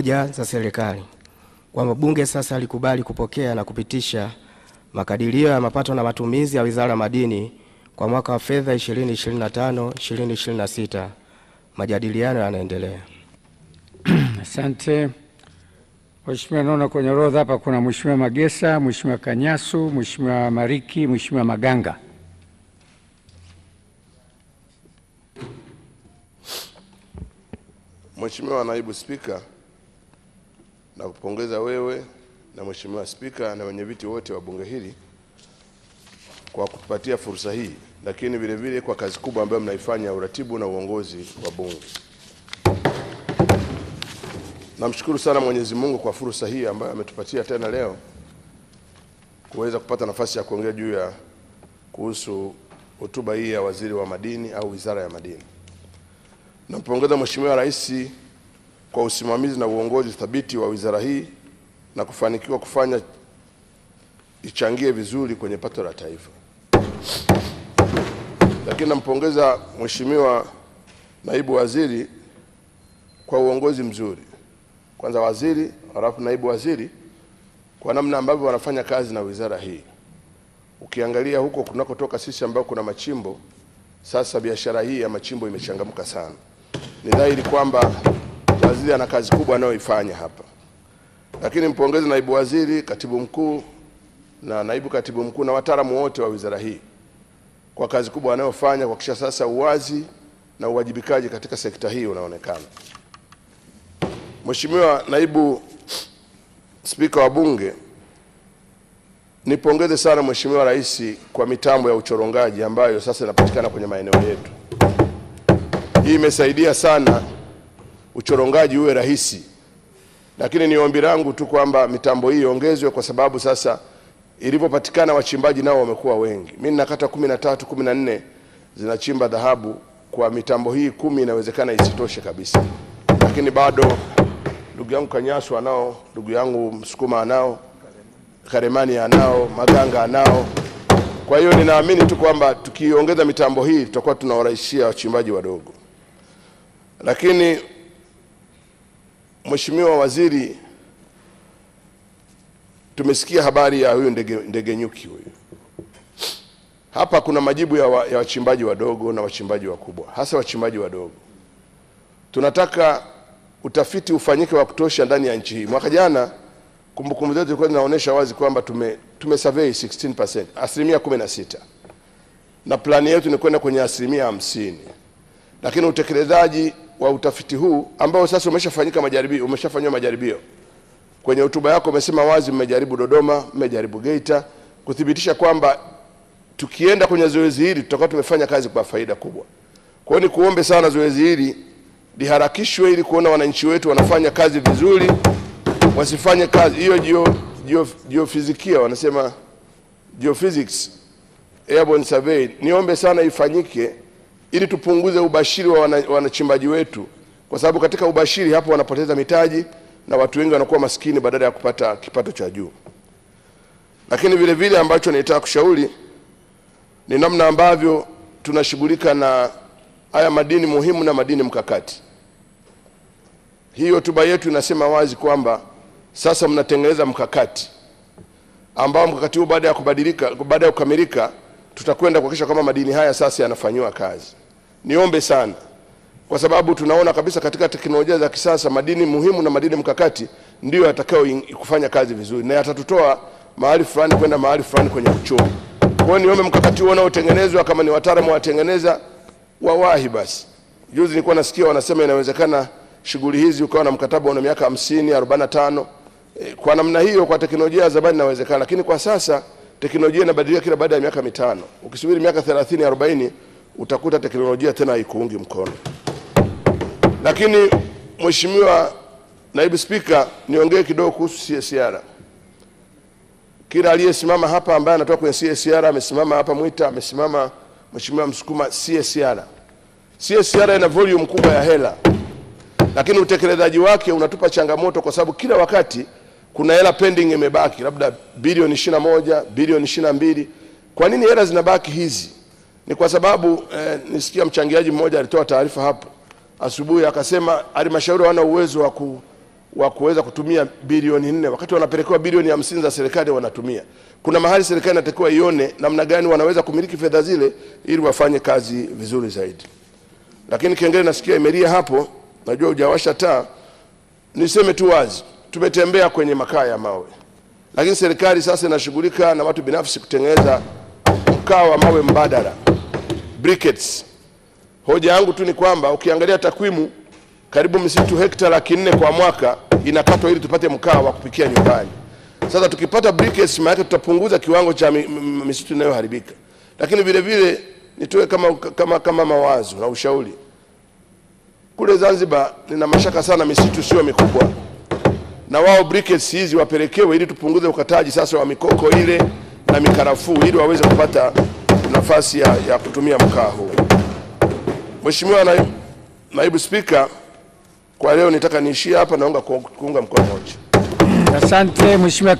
moja za serikali kwamba bunge sasa alikubali kupokea na kupitisha makadirio ya mapato na matumizi ya Wizara ya Madini kwa mwaka wa fedha 2025 2026. Majadiliano yanaendelea. Asante Mheshimiwa, naona kwenye orodha hapa kuna Mheshimiwa Magesa, Mheshimiwa Kanyasu, Mheshimiwa Mariki, Mheshimiwa Maganga. Mheshimiwa Naibu Spika, na kupongeza wewe na Mheshimiwa Spika na wenye viti wote wa bunge hili kwa kutupatia fursa hii, lakini vile vile kwa kazi kubwa ambayo mnaifanya uratibu na uongozi wa bunge. Namshukuru sana Mwenyezi Mungu kwa fursa hii ambayo ametupatia tena leo kuweza kupata nafasi ya kuongea juu ya kuhusu hotuba hii ya waziri wa madini au wizara ya madini. Nampongeza Mheshimiwa Rais kwa usimamizi na uongozi thabiti wa wizara hii na kufanikiwa kufanya ichangie vizuri kwenye pato la taifa. Lakini nampongeza Mheshimiwa Naibu Waziri kwa uongozi mzuri, kwanza waziri, halafu naibu waziri, kwa namna ambavyo wanafanya kazi na wizara hii. Ukiangalia huko kunakotoka sisi ambao kuna machimbo, sasa biashara hii ya machimbo imechangamka sana. Ni dhahiri kwamba Waziri ana kazi kubwa anayoifanya hapa, lakini mpongeze naibu waziri, katibu mkuu na naibu katibu mkuu na wataalamu wote wa wizara hii kwa kazi kubwa wanayofanya kwa kisha sasa uwazi na uwajibikaji katika sekta hii unaonekana. Mheshimiwa naibu spika wa Bunge, nipongeze sana Mheshimiwa Rais kwa mitambo ya uchorongaji ambayo sasa inapatikana kwenye maeneo yetu. Hii imesaidia sana uchorongaji uwe rahisi, lakini ni ombi langu tu kwamba mitambo hii iongezwe, kwa sababu sasa ilivyopatikana wachimbaji nao wamekuwa wengi. Mimi nakata kumi na tatu kumi na nne zinachimba dhahabu kwa mitambo hii kumi, inawezekana isitoshe kabisa, lakini bado ndugu yangu Kanyasu anao, ndugu yangu Msukuma anao, Karemani anao, Maganga anao. Kwa hiyo ninaamini tu kwamba tukiongeza mitambo hii tutakuwa tunawarahisishia wachimbaji wadogo, lakini Mheshimiwa Waziri, tumesikia habari ya huyu ndege, ndege nyuki huyu. Hapa kuna majibu ya, wa, ya wachimbaji wadogo na wachimbaji wakubwa, hasa wachimbaji wadogo. Tunataka utafiti ufanyike wa kutosha ndani ya nchi hii. Mwaka jana kumbukumbu zetu zilikuwa zinaonyesha wazi kwamba tume, tume survey 16%, asilimia 16, na plani yetu ni kwenda kwenye asilimia 50, lakini utekelezaji wa utafiti huu ambao sasa umeshafanyika majaribio, umeshafanywa majaribio. Kwenye hotuba yako umesema wazi, mmejaribu Dodoma, mmejaribu Geita, kuthibitisha kwamba tukienda kwenye zoezi hili tutakuwa tumefanya kazi kwa faida kubwa. Kwa hiyo nikuombe sana zoezi hili liharakishwe ili kuona wananchi wetu wanafanya kazi vizuri, wasifanye kazi hiyo jio, jio, jiofizikia wanasema geophysics airborne survey, niombe sana ifanyike ili tupunguze ubashiri wa wanachimbaji wetu, kwa sababu katika ubashiri hapo wanapoteza mitaji na watu wengi wanakuwa maskini badala ya kupata kipato cha juu. Lakini vile vile ambacho nilitaka kushauri ni namna ambavyo tunashughulika na haya madini muhimu na madini mkakati. Hii hotuba yetu inasema wazi kwamba sasa mnatengeneza mkakati ambao mkakati huu baada ya kubadilika, baada ya kukamilika tutakwenda kuhakikisha kwamba madini haya sasa yanafanyiwa kazi. Niombe sana, kwa sababu tunaona kabisa katika teknolojia za kisasa madini muhimu na madini mkakati ndiyo yatakayo kufanya kazi vizuri na yatatutoa mahali fulani kwenda mahali fulani kwenye uchumi. Kwa hiyo niombe mkakati huo unaotengenezwa, kama ni wataalamu watengeneza wawahi basi. Juzi nilikuwa nasikia wanasema inawezekana shughuli hizi ukawa na mkataba una miaka 50 45. Eh, kwa namna hiyo kwa teknolojia za zamani inawezekana, lakini kwa sasa teknolojia inabadilika kila baada ya miaka mitano. Ukisubiri miaka 30 40, utakuta teknolojia tena haikuungi mkono. Lakini Mheshimiwa Naibu Spika, niongee kidogo kuhusu CSR. Kila aliyesimama hapa ambaye anatoka kwenye CSR amesimama hapa Mwita, amesimama Mheshimiwa Msukuma. CSR CSR ina volume kubwa ya hela, lakini utekelezaji wake unatupa changamoto, kwa sababu kila wakati kuna hela pending imebaki labda bilioni ishirini moja bilioni mbili Kwa nini hela zinabaki hizi? Ni kwa sababu eh, nisikia mchangiaji mmoja alitoa taarifa hapo asubuhi akasema halmashauri hawana uwezo wa wa kuweza kutumia bilioni nne wakati wanapelekewa bilioni hamsini za serikali wanatumia. Kuna mahali serikali inatakiwa ione namna gani wanaweza kumiliki fedha zile ili wafanye kazi vizuri zaidi. Lakini kengele nasikia imelia hapo, najua hujawasha taa. Niseme tu wazi tumetembea kwenye makaa ya mawe, lakini serikali sasa inashughulika na watu binafsi kutengeneza mkaa wa mawe mbadala briquettes. Hoja yangu tu ni kwamba ukiangalia takwimu, karibu misitu hekta laki nne kwa mwaka inakatwa ili tupate mkaa wa kupikia nyumbani. Sasa tukipata briquettes, maana tutapunguza kiwango cha misitu inayoharibika, lakini vile vile nitoe kama, kama, kama mawazo na ushauri. Kule Zanzibar nina mashaka sana, misitu sio mikubwa na wao briquettes hizi wapelekewe, ili tupunguze ukataji sasa wa mikoko ile na mikarafuu, ili waweze kupata nafasi ya, ya kutumia mkaa huu. Mheshimiwa naibu, naibu Spika, kwa leo nitaka niishie hapa, naomba kuunga mkono moja. Asante mheshimiwa.